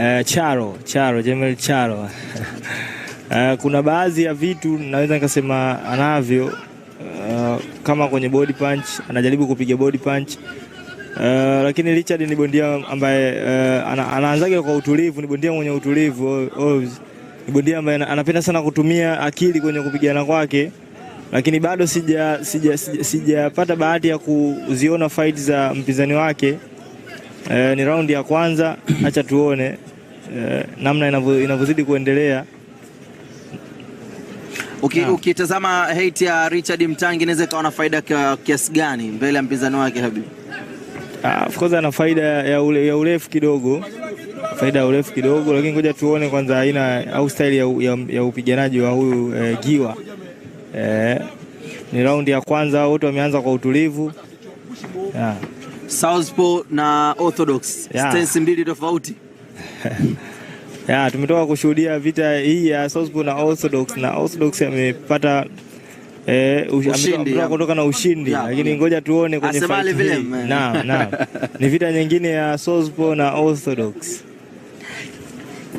Eh, Charo Charo Jemel Charo eh, kuna baadhi ya vitu naweza nikasema anavyo uh, kama kwenye body punch anajaribu kupiga body punch Uh, lakini Richard ni bondia ambaye uh, ana, anaanzaga kwa utulivu, ni bondia mwenye utulivu oh, Ni bondia ambaye anapenda sana kutumia akili kwenye kupigana kwake, lakini bado sijapata sija, sija, sija, sija bahati ya kuziona fight za mpinzani wake. Uh, ni raundi ya kwanza, acha tuone eh, namna inavyozidi kuendelea ukitazama okay, okay, hate ya Richard Mtangi inaweza ikawa na faida kiasi gani mbele ya mpinzani wake Habib? Ah, of course ana faida ya, ule, ya urefu kidogo faida ya urefu kidogo, lakini ngoja tuone kwanza aina au staili ya, ya, ya upiganaji wa huyu eh, Giwa eh, ni raundi ya kwanza wote wameanza kwa utulivu yeah. Southpaw na Orthodox yeah. Stance mbili tofauti ya tumetoka kushuhudia vita hii ya Sosbo na Orthodox na Orthodox amepata eh, kutoka na ushindi lakini ngoja tuone kwenye fight hii. Naam, naam. Ni vita nyingine ya Sosbo na Orthodox.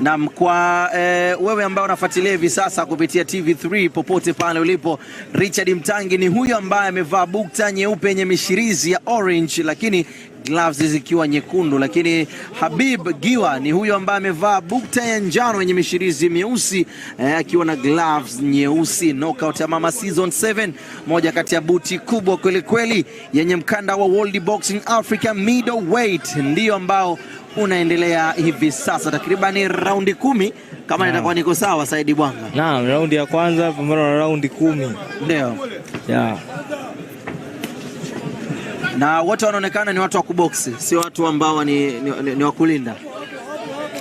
nam kwa e, wewe ambaye unafuatilia hivi sasa kupitia TV3 popote pale ulipo, Richard Mtangi ni huyo ambaye amevaa bukta nyeupe yenye mishirizi ya orange, lakini gloves zikiwa nyekundu, lakini Habib Giwa ni huyo ambaye amevaa bukta ya njano yenye mishirizi meusi eh, akiwa na gloves nyeusi. Knockout ya Mama Season 7, moja kati ya buti kubwa kweli kweli yenye mkanda wa World Boxing Africa Middleweight ndiyo ambao unaendelea hivi sasa, takribani raundi kumi kama nitakuwa niko sawa, Saidi Bwanga. Naam, raundi ya kwanza pamoja na raundi kumi. Ndio. Yeah na wote wanaonekana ni watu wa kuboksi, sio watu ambao ni, ni, ni, ni wakulinda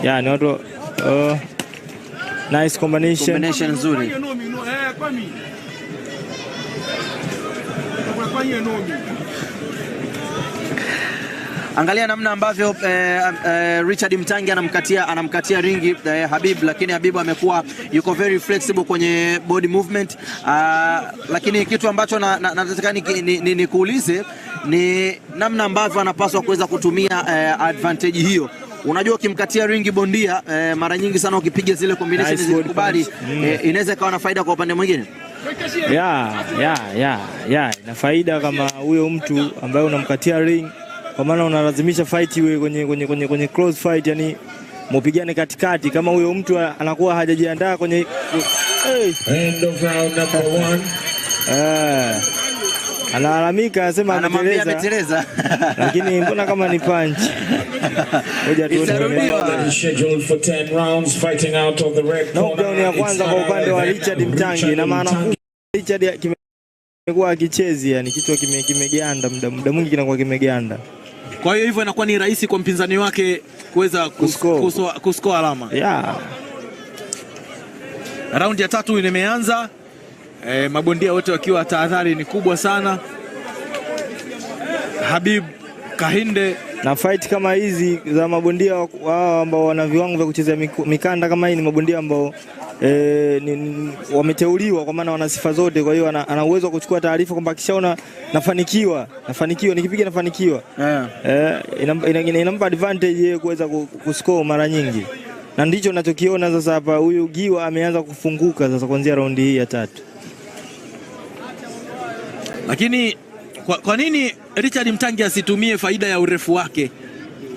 ya yeah, ni watu uh, nice combination. Combination nzuri Angalia namna ambavyo eh, eh, Richard Mtangi anamkatia anamkatia ringi eh, Habib, lakini Habib amekuwa yuko very flexible kwenye body movement uh, lakini kitu ambacho nataka na, na, nikuulize ni ni, ni namna ambavyo anapaswa kuweza kutumia eh, advantage hiyo. Unajua, ukimkatia ringi bondia eh, mara nyingi sana ukipiga zile combination nice zikubali mm. eh, inaweza ikawa na faida kwa upande mwingine ya yeah, yeah, yeah, yeah. Ina faida kama huyo mtu ambaye unamkatia ring kwa maana unalazimisha fight iwe kwenye, kwenye, kwenye, kwenye close fight, yani mupigane katikati, kama huyo mtu anakuwa hajajiandaa kwenye End of round number one. Ah. Analalamika anasema ameteleza. Lakini mbona kama ni punch? Ngoja tuone. Knockdown ya kwanza kwa upande wa Richard Mtangi na maana Richard kimekuwa akichezi yani kichwa kimeganda kime muda mwingi kinakuwa kimeganda. Kwa hiyo hivyo inakuwa ni rahisi kwa mpinzani wake kuweza kuskoa alama. Yeah. Raundi ya tatu imeanza. E, mabondia wote wakiwa tahadhari ni kubwa sana. Habib Kahinde na fight kama hizi za mabondia wao ambao wana viwango vya kuchezea mikanda kama hii ni mabondia ambao e, ni, wameteuliwa kwa maana wana sifa zote, kwa hiyo ana uwezo wa kuchukua taarifa kwamba akishaona nafanikiwa nafanikiwa nikipiga nafanikiwa yeah. E, inampa ina, ina, ina advantage yeye kuweza kuscore mara nyingi na ndicho nachokiona sasa hapa, huyu Giwa ameanza kufunguka sasa kuanzia raundi hii ya tatu. Lakini kwa, kwa nini Richard Mtangi asitumie faida ya urefu wake?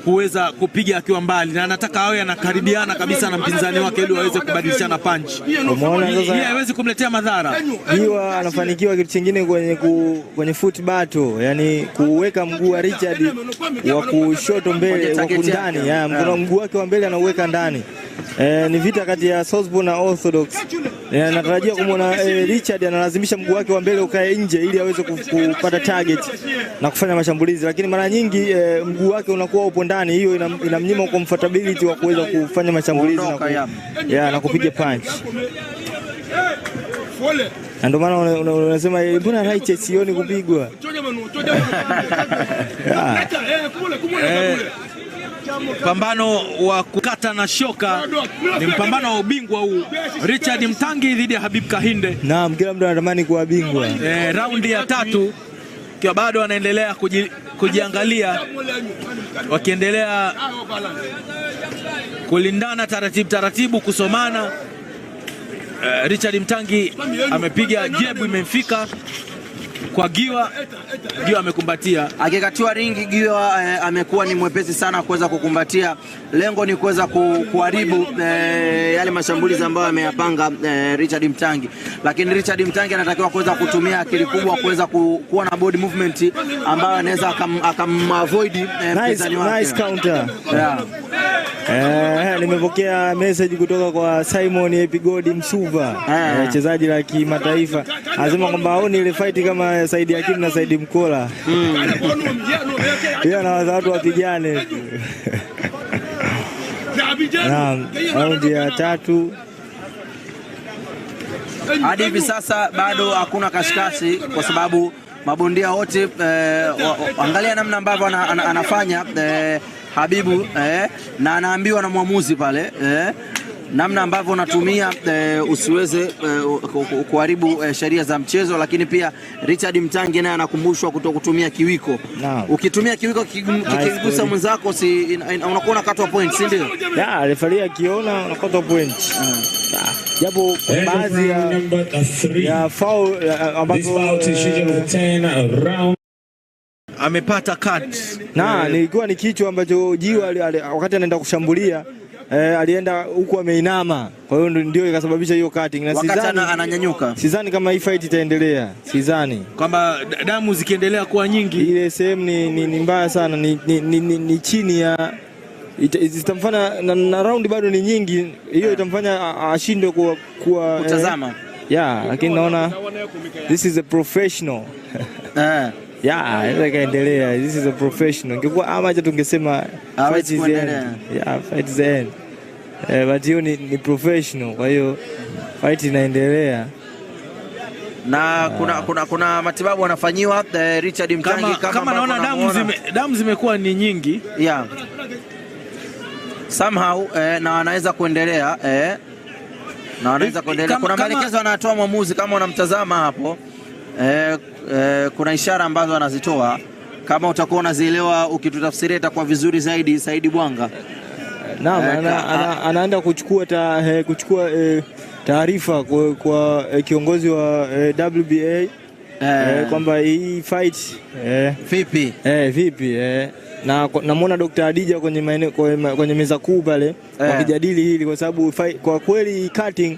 kuweza kupiga akiwa mbali, na anataka awe anakaribiana kabisa na mpinzani wake ili waweze kubadilishana panchi. Yeye hawezi kumletea madhara. hiyo. anafanikiwa kitu chingine kwenye, ku, kwenye foot battle, yani kuweka mguu wa Richard wa kushoto mbele wa kundani, mguu wake wa mbele anauweka ndani Eh, ni vita kati ya Sosbo na Orthodox. Eh, natarajia kumwona eh, Richard analazimisha mguu wake wa mbele ukae nje ili aweze kupata target na kufanya mashambulizi, lakini mara nyingi eh, mguu wake unakuwa upo ndani, hiyo inamnyima ina comfortability wa kuweza kufanya mashambulizi na, ku, yeah, na kupiga punch na ndio maana unasema eh, mbona right sioni kupigwa Mpambano wa kukata na shoka ni mpambano wa ubingwa huu, Richard Mtangi dhidi ya Habib Kahinde. Naam, kila mtu anatamani kuwa bingwa. E, raundi ya tatu ikiwa bado wanaendelea kuji, kujiangalia wakiendelea kulindana taratibu taratibu kusomana. E, Richard Mtangi amepiga jebu imemfika kwa Giwa. Giwa amekumbatia, akikatiwa ringi. Giwa eh, amekuwa ni mwepesi sana kuweza kukumbatia. Lengo ni kuweza kuharibu eh, yale mashambulizi ambayo ameyapanga eh, Richard Mtangi, lakini Richard Mtangi anatakiwa kuweza kutumia akili kubwa kuweza ku, kuwa na body movement ambayo anaweza akamavoid eh, mpinzani wake. Eh, eh, nimepokea message kutoka kwa Simon Epigodi Msuva eh. mchezaji eh, la kimataifa anasema kwamba aone ile fight kama Saidi Hakim na Saidi Mkola hiyo, anawaza watu wapigane. Naam, raundi ya tatu hadi hivi sasa bado hakuna kashikashi kwa sababu mabondia wote eh, angalia namna ambavyo anafanya eh, Habibu eh, na anaambiwa na mwamuzi pale eh namna ambavyo unatumia e, usiweze e, kuharibu e, sheria za mchezo. Lakini pia Richard Mtangi naye anakumbushwa kuto kutumia kiwiko no. Ukitumia kiwiko kikigusa mwenzako si, unakuwa unakatwa point, si ndio? Refari akiona unakatwa point ah. japo baadhi ya foul ambazo amepata cut na nilikuwa ni kichwa ambacho Jiwa wakati anaenda kushambulia eh, alienda huku ameinama, kwa hiyo ndio ikasababisha hiyo cutting, na sidhani ananyanyuka, sidhani kama hii fight itaendelea, sidhani kwamba damu zikiendelea kuwa nyingi, ile sehemu ni, ni, ni mbaya sana, ni, ni, ni, ni, ni chini ya itamfanya na, na round bado ni nyingi, hiyo eh. itamfanya ashindwe kuwa, kuwa eh, kutazama eh, yeah, lakini naona this is a professional eh ya yeah, ikaendelea. This is a professional. Ingekuwa amaja tungesema fight is end. Yeah, fight is end eh, but hiyo ni, ni professional, kwa hiyo fight inaendelea na uh, kuna, kuna, kuna matibabu anafanyiwa eh, Richard Mtangi kama, kama, kama naona damu, zime, damu zimekuwa ni nyingi yeah. Somehow eh, na anaweza kuendelea eh, na anaweza kuendelea. Kuna maelekezo anatoa mwamuzi kama unamtazama hapo eh, eh, kuna ishara ambazo anazitoa kama utakuwa unazielewa ukitutafsiria itakuwa vizuri zaidi. Saidi Bwanga Naam, eh, ana, ana, anaenda kuchukua ta, eh, kuchukua eh, taarifa kwa, kwa eh, kiongozi wa eh, WBA eh. eh, kwamba hii fight eh, vipi eh, vipi eh, na namwona Dr. Adija kwenye maeneo, kwenye meza kuu pale eh. wakijadili hili kwa sababu kwa kweli cutting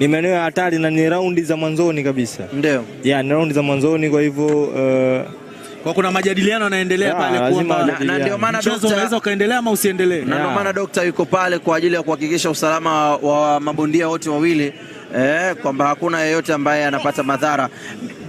ni maeneo ya hatari na ni raundi za mwanzoni kabisa. Ndio. Yeah, ni raundi za mwanzoni kwa hivyo uh, kwa kuna majadiliano yanaendelea ah, pale kuomba na, na ndio maana daktari unaweza ukaendelea ama usiendelee. Na ndio ah. maana daktari yuko pale kwa ajili ya kuhakikisha usalama wa mabondia wote wawili eh, kwamba hakuna yeyote ambaye anapata madhara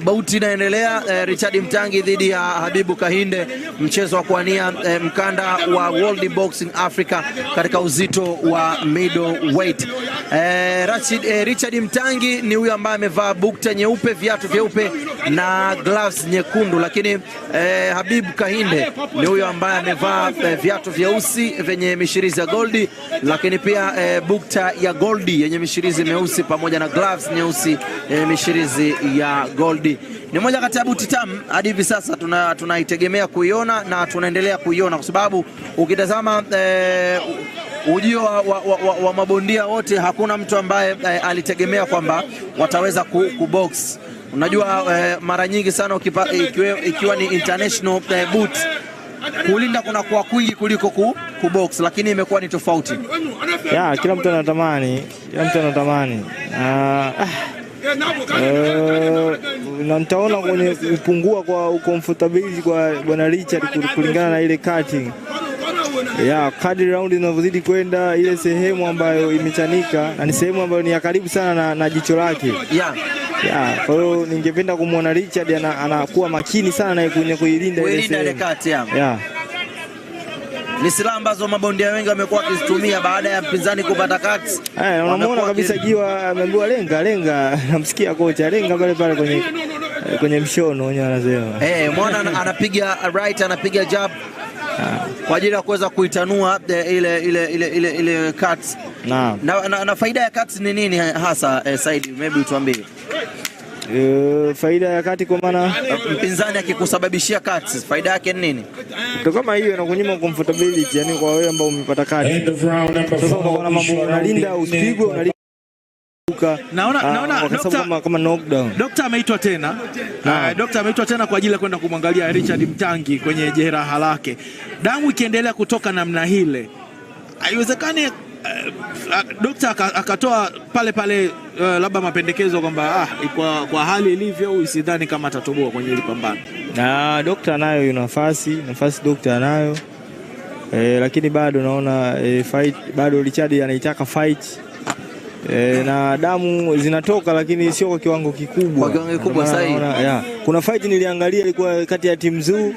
bauti inaendelea eh, Richard Mtangi dhidi ya Habibu Kahinde, mchezo wa kuania eh, mkanda wa World Boxing Africa katika uzito wa middleweight. Eh, Richard, eh, Richard Mtangi ni huyo ambaye amevaa bukta nyeupe, viatu vyeupe na gloves nyekundu, lakini eh, Habibu Kahinde ni huyo ambaye amevaa eh, viatu vyeusi vyenye mishirizi ya goldi, lakini pia eh, bukta ya goldi yenye mishirizi meusi pamoja na gloves nyeusi yenye eh, mishirizi ya goldi ni moja kati ya buti tamu hadi hivi sasa tunaitegemea tuna kuiona na tunaendelea kuiona kwa sababu ukitazama eh, ujio wa, wa, wa, wa mabondia wote hakuna mtu ambaye eh, alitegemea kwamba wataweza ku, kubox. Unajua eh, mara nyingi sana ukipa, ikiwe, ikiwa ni international eh, boot kulinda kuna kuwa kwingi kuliko ku, kubox, lakini imekuwa ni tofauti ya kila mtu anatamani, kila mtu anatamani uh, ah, ah. Eh, na nitaona kwenye kupungua kwa ukomfortability kwa bwana Richard kulingana na ile cutting ya kadri raundi inavyozidi kwenda, ile sehemu ambayo imechanika na ni sehemu ambayo ni ya karibu sana na, na jicho lake ya ya. kwa hiyo ningependa kumwona Richard anakuwa makini sana na kwenye kuilinda ile sehemu. ya ni silaha ambazo mabondia wengi wamekuwa wakizitumia baada ya mpinzani kupata kati. Eh, unamuona kabisa Jiwa ameambiwa lenga lenga, namsikia kocha lenga pale pale kwenye kwenye mshono wenyewe anasema. Eh, mwana anapiga right, anapiga jab ah. kwa ajili ya kuweza kuitanua eh, ile ile ile ile ile cuts. Na, na, na, na faida ya cuts ni nini hasa eh, Said, maybe utuambie. Eh, faida ya kati kwa maana mpinzani akikusababishia kati faida yake ni nini? Ndio kama hiyo kunyima comfortability, yani kwa wewe ambao umepata kati. Sasa mambo unalinda usipigwe unalinda Naona ah, naona dokta kama knockdown. Dokta ameitwa tena. Uh, dokta ameitwa tena kwa ajili ya kwenda kumwangalia Richard Mtangi kwenye jeraha lake. Damu ikiendelea kutoka namna hile. Haiwezekani Eh, dokta akatoa pale pale uh, labda mapendekezo kwamba ah, kwa, kwa hali ilivyo usidhani kama atatoboa kwenye hili pambano. Na dokta anayo yu nafasi nafasi dokta anayo e, eh, lakini bado naona e, fight bado Richard anaitaka fight e, na damu zinatoka lakini sio kwa kiwango kikubwa. Kwa kiwango kikubwa sasa. Kuna fight niliangalia ilikuwa kati ya timu Zoo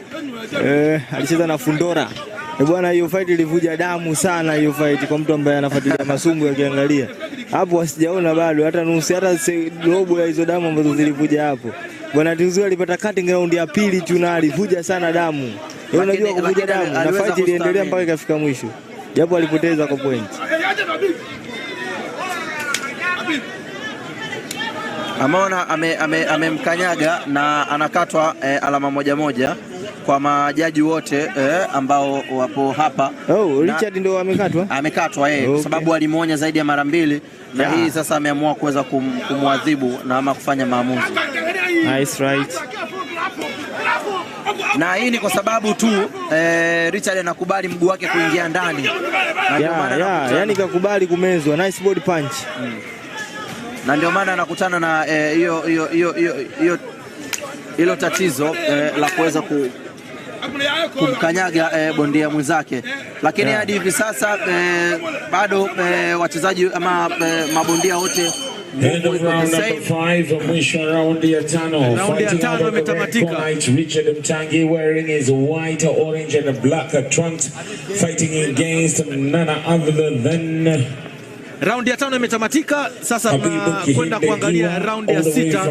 e, alicheza na Fundora Eh, bwana, hiyo fight ilivuja damu sana, hiyo fight kwa mtu ambaye anafuatilia masumbu akiangalia hapo, wasijaona bado hata nusu, hata robo ya hizo damu ambazo zilivuja hapo. Bwana Tuzu alipata cutting round ya pili tu na alivuja sana damu. Wewe eh, unajua kuvuja damu, na fight iliendelea mpaka ikafika mwisho, japo alipoteza kwa point. Amaona amemkanyaga ame, ame na anakatwa eh, alama moja moja kwa majaji wote eh, ambao wapo hapa. Oh, Richard ndio amekatwa, amekatwa yeye eh, okay. Sababu alimuonya zaidi ya mara mbili na yeah. Hii sasa ameamua kuweza kum, kumwadhibu na ama kufanya maamuzi. Nice right. Na hii ni kwa sababu tu eh, Richard anakubali mguu wake kuingia ndani na yeah, yeah. Yani kakubali kumezwa. Nice body punch mm. Na ndio maana anakutana na hiyo eh, hiyo hiyo hilo tatizo eh, la kuweza ku kumkanyaga e, bondia mwenzake, lakini hadi yeah. hivi sasa e, bado e, wachezaji ama e, mabondia wote Raundi ya tano imetamatika. Richard Mtangi wearing his white, orange and black trunks fighting against none other than Raundi ya tano imetamatika sasa, tunakwenda kuangalia raundi ya sita,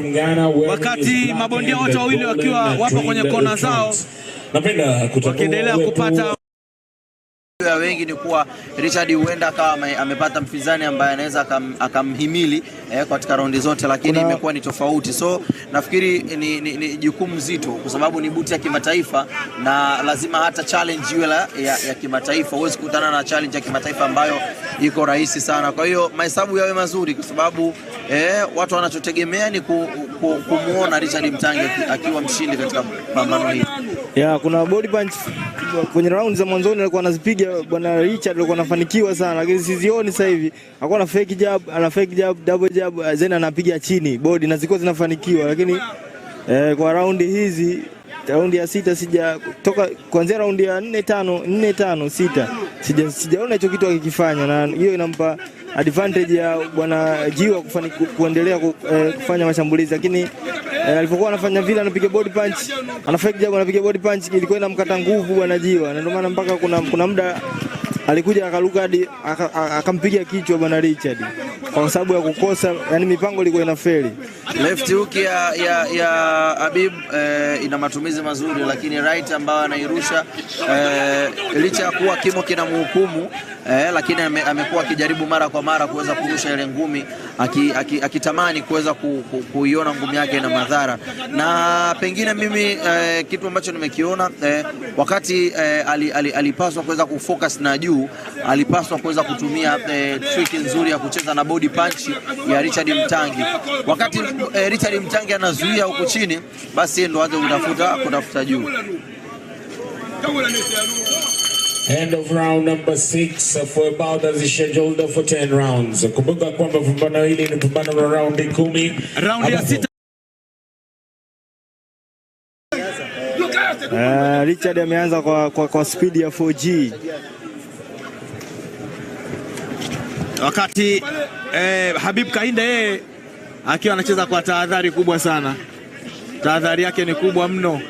wakati mabondia wote wawili wakiwa wapo kwenye kona zao. Napenda kutoka wakiendelea kupata matarajio ya wengi ni kuwa Richard huenda akawa amepata mpinzani ambaye anaweza akamhimili eh, katika raundi zote, lakini kuna... imekuwa ni tofauti. So nafikiri ni, ni, ni ni jukumu zito, kwa sababu ni buti ya kimataifa na lazima hata challenge iwe ya, ya kimataifa. Huwezi kukutana na challenge ya kimataifa ambayo iko rahisi sana. Kwa hiyo mahesabu yawe mazuri, kwa sababu eh, watu wanachotegemea ni ku, ku, kumuona Richard Mtange akiwa mshindi katika pambano hili. Ya, kuna body punch kwenye round za mwanzoni alikuwa anazipiga bwana Richard alikuwa anafanikiwa sana, lakini sizioni sasa hivi alikuwa ana fake jab, ana fake jab, double jab, then anapiga chini bodi na zilikuwa zinafanikiwa, lakini eh, kwa raundi hizi raundi ya sita sija toka kuanzia raundi ya nne tano nne tano sita sijaona sija hicho kitu akikifanya, na hiyo inampa advantage ya bwana Jiwa kufani, kuendelea eh, kufanya mashambulizi, lakini eh, alipokuwa anafanya vile, anapiga body punch, anafake jab, anapiga body punch, ilikuwa inamkata nguvu bwana Jiwa, na ndio maana mpaka kuna, kuna muda alikuja akaruka hadi akampiga kichwa bwana Richard kwa sababu ya kukosa, yani mipango ilikuwa feli. Left hook ya, ya, ya Habib eh, ina matumizi mazuri, lakini right ambayo anairusha eh, licha ya kuwa kimo kinamhukumu eh, lakini ame, amekuwa akijaribu mara kwa mara kuweza kurusha ile ngumi akitamani aki, aki kuweza ku, ku, kuiona ngumi yake ina madhara, na pengine mimi eh, kitu ambacho nimekiona eh, wakati eh, alipaswa ali, ali kuweza kufocus na juu juu, alipaswa kuweza kutumia e, trick nzuri ya kucheza na body punch ya Richard Mtangi. Wakati e, Richard Mtangi anazuia huko chini, basi ndo aanze kutafuta kutafuta juu. End of round number six for about as scheduled for 10 rounds. Kumbuka kwamba pambano hili ni pambano la raundi kumi. Raundi ya sita. Uh, Richard ameanza kwa, kwa, kwa spidi ya 4G wakati eh, Habib Kahinda yeye akiwa anacheza kwa tahadhari kubwa sana, tahadhari yake ni kubwa mno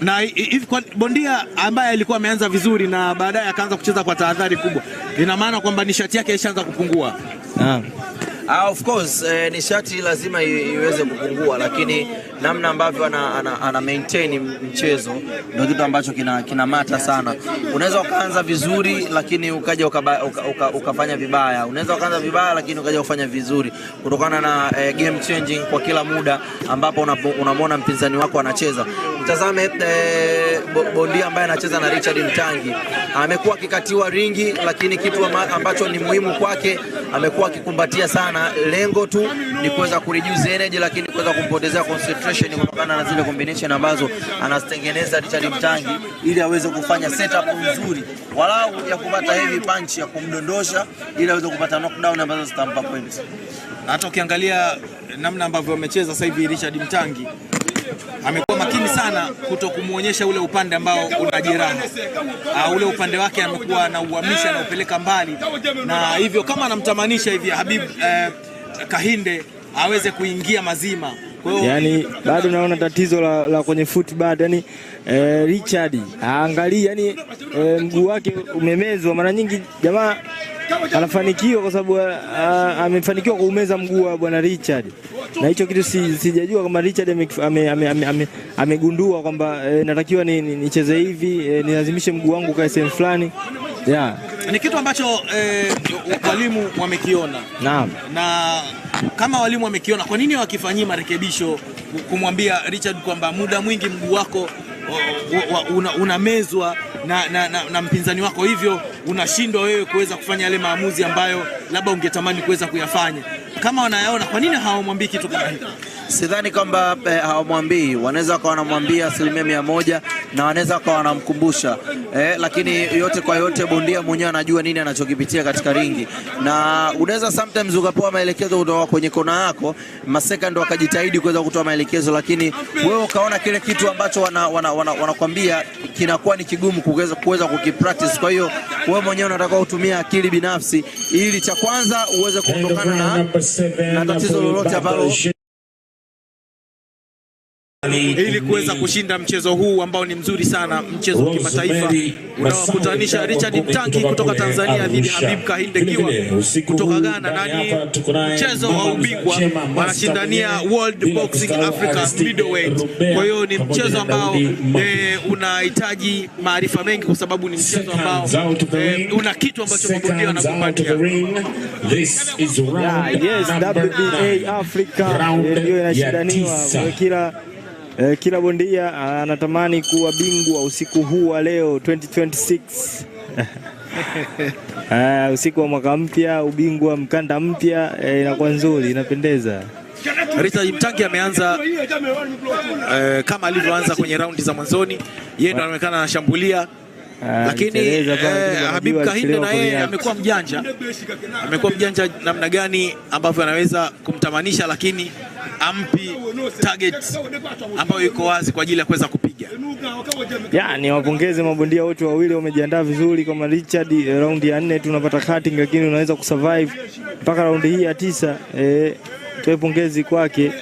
na hivi kwa bondia ambaye alikuwa ameanza vizuri na baadaye akaanza kucheza kwa tahadhari kubwa, ina maana kwamba nishati yake ishaanza kupungua. Uh, of course eh, nishati lazima iweze kupungua, lakini namna ambavyo ana, ana, ana maintain mchezo ndio kitu ambacho kina, kina mata sana. Unaweza ukaanza vizuri lakini ukaja ukafanya uka, uka, uka, uka vibaya, unaweza ukaanza vibaya lakini ukaja ufanya vizuri kutokana na eh, game changing kwa kila muda ambapo unamwona mpinzani wako anacheza. Mtazame eh, bondia ambaye anacheza na Richard Mtangi amekuwa akikatiwa ringi, lakini kitu ambacho ni muhimu kwake amekuwa akikumbatia sana, lengo tu ni kuweza kureduce energy, lakini kuweza kumpotezea concentration penetration kutokana na zile combination ambazo anazitengeneza Richard Mtangi ili aweze kufanya setup nzuri walau ya kupata heavy punch ya kumdondosha ili aweze kupata knockdown ambazo zitampa points. Hata ukiangalia namna ambavyo amecheza sasa hivi Richard Mtangi amekuwa makini sana kuto kumwonyesha ule upande ambao una jirani. Uh, ule upande wake amekuwa anauhamisha na upeleka mbali, na hivyo kama anamtamanisha hivi Habib uh, Kahinde aweze kuingia mazima yani bado naona tatizo la, la kwenye football yani e, eh, Richard aangalii yani e, eh, mguu wake umemezwa mara nyingi jamaa anafanikiwa kwa sababu eh, amefanikiwa kuumeza mguu wa bwana Richard, na hicho kitu sijajua kama Richard amegundua kwamba natakiwa nicheze hivi, nilazimishe mguu wangu kae sehemu fulani. Ni kitu ambacho walimu wamekiona, na, na kama walimu wamekiona, kwa nini wakifanyii marekebisho kumwambia Richard kwamba muda mwingi mguu wako unamezwa una na, na, na, na mpinzani wako, hivyo unashindwa wewe kuweza kufanya yale maamuzi ambayo labda ungetamani kuweza kuyafanya. Kama wanayaona, kwa nini hawamwambii kitu kama hicho? sidhani kwamba eh, hawamwambii, wanaweza wakawa wanamwambia asilimia mia moja na wanaweza wakawa wanamkumbusha eh, lakini yote kwa yote, bondia mwenyewe anajua nini anachokipitia katika ringi, na unaweza sometimes ukapewa maelekezo kutoka kwenye kona yako, maseka ndo akajitahidi kuweza kutoa maelekezo, lakini wewe ukaona kile kitu ambacho wanakwambia wana, wana, wana kinakuwa ni kigumu kuweza kukipractice. Kwa hiyo wewe mwenyewe unataka utumia akili binafsi ili cha kwanza uweze kuondokana na, na tatizo lolote ambalo ili kuweza kushinda mchezo huu ambao ni mzuri sana, mchezo wa kimataifa unaokutanisha Richard Mtangi kutoka Tanzania dhidi ya Habib Kahinde Kiwa kutoka Ghana, na ni mchezo wa ubingwa, wanashindania World Boxing Africa Middleweight. Kwa hiyo ni mchezo ambao eh, unahitaji maarifa mengi, kwa sababu ni mchezo ambao eh, una kitu ambacho mabondia wanakupatia. Yes, WBA Africa ndio inashindaniwa kila Eh, kila bondia ah, anatamani kuwa bingwa usiku huu wa leo 2026. Ah, usiku wa mwaka mpya, ubingwa mkanda mpya, eh, inakuwa nzuri, inapendeza. Richard Mtangi ameanza eh, kama alivyoanza kwenye raundi za mwanzoni, yeye ndo anaonekana anashambulia Ah, lakini eh, Habib Kahinde na yeye amekuwa mjanja, amekuwa mjanja namna gani ambavyo anaweza kumtamanisha, lakini ampi target ambayo iko wazi kwa ajili ya kuweza kupiga. Ya, ni wapongeze mabondia wote wawili wamejiandaa vizuri kama Richard, eh, raundi ya nne tunapata cutting, lakini unaweza kusurvive mpaka raundi hii ya tisa. Eh, tuwe pongezi kwake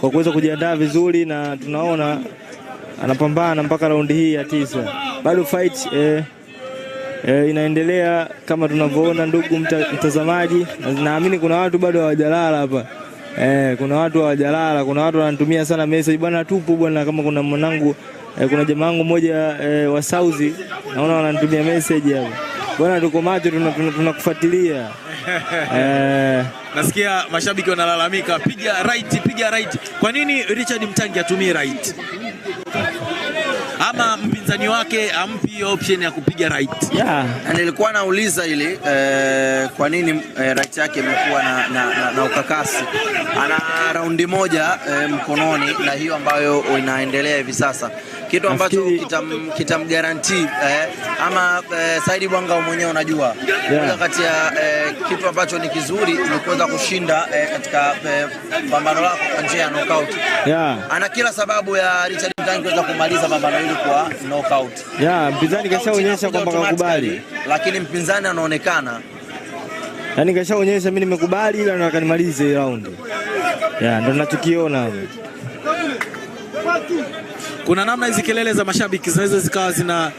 kwa kuweza kujiandaa vizuri na tunaona anapambana mpaka raundi hii ya tisa. Bado fight eh, E, inaendelea kama tunavyoona ndugu mta, mtazamaji, naamini kuna watu bado hawajalala hapa. Eh, kuna watu hawajalala, kuna watu wanatumia sana message bwana, tupo bwana, kama kuna mwanangu eh, kuna jamaa wangu mmoja eh, wa Saudi naona wanatumia message hapo. Bwana tuko macho tunakufuatilia. Eh, nasikia mashabiki wanalalamika, piga right, piga right. Kwa nini Richard Mtangi atumie right? Ama mpinzani wake ampi option ya kupiga right. Yeah. Na nilikuwa nauliza ili eh, kwa nini eh, right yake imekuwa na, na, na, na ukakasi. Ana raundi moja eh, mkononi na hiyo ambayo inaendelea hivi sasa kitu ambacho kitamgaranti kita eh, ama eh, Saidi Bwanga mwenyewe unajua yeah. Kati ya eh, kitu ambacho ni kizuri ni kuweza kushinda eh, katika eh, pambano lako kwa njia ya knockout yeah. Ana kila sababu ya Richard Mtangi kuweza kumaliza pambano hili kwa knockout yeah. Mpinzani kashaonyesha kwamba kakubali, lakini mpinzani anaonekana yaani kashaonyesha mimi nimekubali, ila nataka raundi yeah, ndo nachokiona kuna namna hizi kelele za mashabiki zinaweza zikawa zina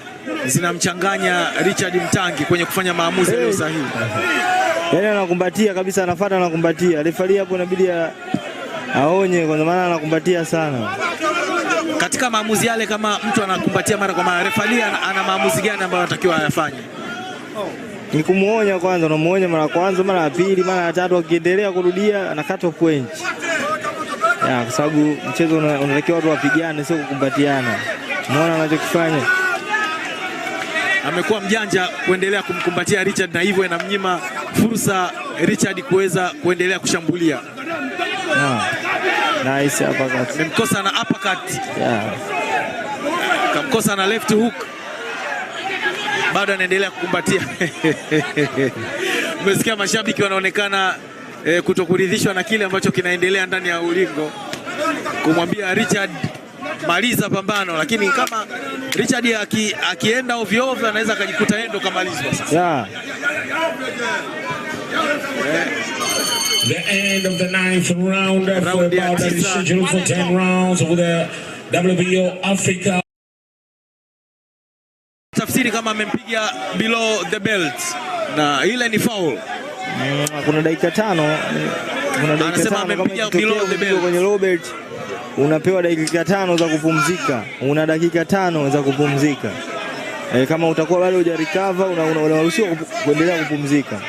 zinamchanganya Richard Mtangi kwenye kufanya maamuzi yaliyo sahihi. Yaani anakumbatia kabisa, anafuata anakumbatia. Refari hapo inabidi aonye kwa maana anakumbatia sana. Katika maamuzi yale, kama mtu anakumbatia mara kwa mara, refari ana maamuzi gani ambayo anatakiwa ayafanye? Ni kumuonya kwanza, unamuonya mara kwanza, mara ya pili, mara ya tatu, akiendelea kurudia anakatwa kwenye kwa sababu mchezo unatakiwa watu wapigane, sio kukumbatiana. Umeona anachokifanya, amekuwa mjanja kuendelea kumkumbatia Richard na hivyo inamnyima fursa Richard kuweza kuendelea kushambulia na. Nice uppercut. Nimkosa na uppercut. Yeah. Kamkosa na left hook. Bado anaendelea kukumbatia. Umesikia mashabiki wanaonekana e, kutokuridhishwa na kile ambacho kinaendelea ndani ya ulingo, kumwambia Richard maliza pambano, lakini kama Richard aki, akienda ovyo ovyo anaweza akajikuta yeye ndo kamalizwa sasa. Yeah. The end of the ninth round round ya decision For 10 rounds of the WBO Africa. Tafsiri kama amempiga below the belt na ile ni foul. Eh, kuna dakika tano, kuna dakika tano kwenye Robert unapewa dakika tano za kupumzika, una dakika tano za kupumzika. E, kama utakuwa bado hujarecover unaruhusiwa una, una kuendelea kupumzika,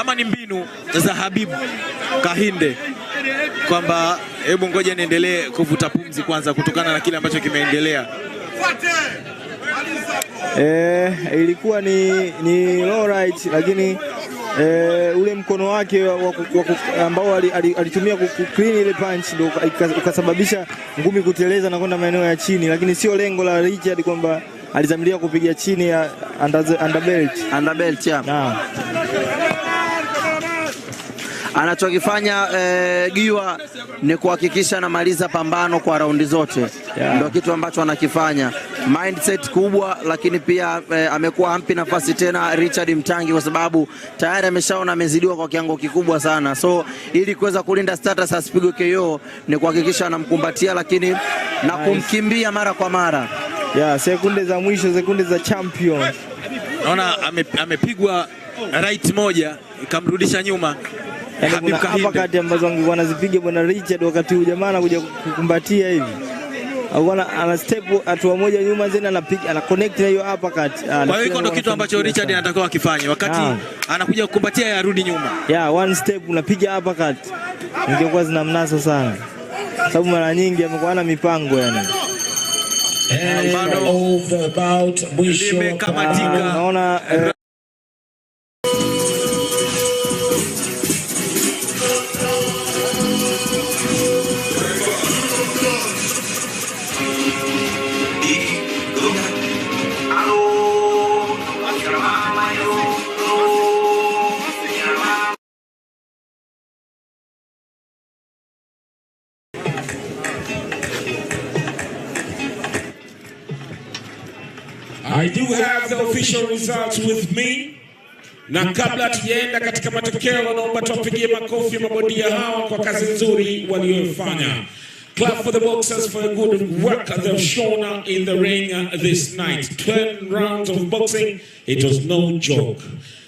ama ni mbinu za Habibu Kahinde kwamba hebu ngoja niendelee kuvuta pumzi kwanza, kutokana na kile ambacho kimeendelea. Eh, ilikuwa ni, ni low right, lakini eh, ule mkono wake ambao alitumia kuclean ile punch ndio ukasababisha ngumi kuteleza na kwenda maeneo ya chini, lakini sio lengo la Richard kwamba alizamilia kupiga chini ya underbelt. Underbelt, yeah anachokifanya eh, Giwa ni kuhakikisha anamaliza pambano kwa raundi zote yeah. Ndio kitu ambacho anakifanya, mindset kubwa, lakini pia eh, amekuwa hampi nafasi tena Richard Mtangi kwa sababu tayari ameshaona amezidiwa kwa kiango kikubwa sana, so ili kuweza kulinda status asipigwe KO ni kuhakikisha anamkumbatia lakini nice. na kumkimbia mara kwa mara yeah, sekunde za mwisho, sekunde za champion naona amepigwa ame right moja ikamrudisha nyuma yani kuna hapa kati ambazo angekuwa anazipiga bwana Richard wakati huu jamaa anakuja kukumbatia hivi ana step hatua moja nyuma zeni anapiga ana connect na hiyo hapa kati. Ah, Kwa hiyo iko ndo kitu ambacho Richard anatakiwa akifanye wakati ah. anakuja kukumbatia arudi nyuma. Yeah, one step unapiga hapa kati. Ingekuwa zinamnasa sana. Sababu mara nyingi amekuwa na mipango yani. Bado limekamatika. Naona eh, official results with me, na kabla tujaenda katika matokeo, naomba tuwapigie makofi mabondia hawa kwa kazi nzuri waliyofanya. Clap for the boxers for the good work they've shown in the ring uh, this night. 12 rounds of boxing, it was no joke.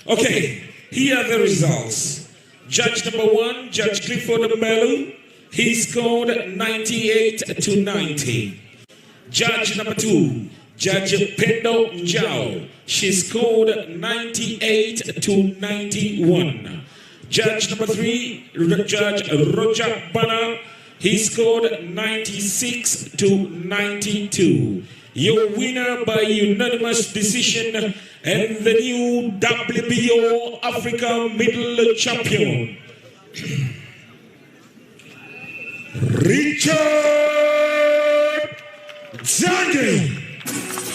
Okay, here are the results. Judge number one, Judge Clifford Mbelu, he scored 98 to 90. Judge number two, Judge Pedro Jao. She scored 98 to 91. Judge number three, Judge Roger Banner. He scored 96 to 92. Your winner by unanimous decision and the new WBO Africa Middle Champion, Richard Zangi. Thank you.